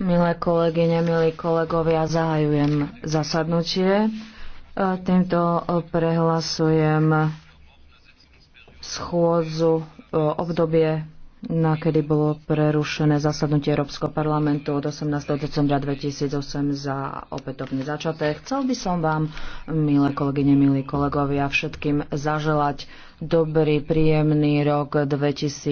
Milé kolegyne, milí kolegovia, zahajujem zasadnutie. E, týmto prehlasujem schôdzu e, obdobie, na kedy bolo prerušené zasadnutie Európskeho parlamentu od 18. decembra 2008 za opätovne začaté. Chcel by som vám, milé kolegyne, milí kolegovia, všetkým zaželať dobrý, príjemný rok 2000.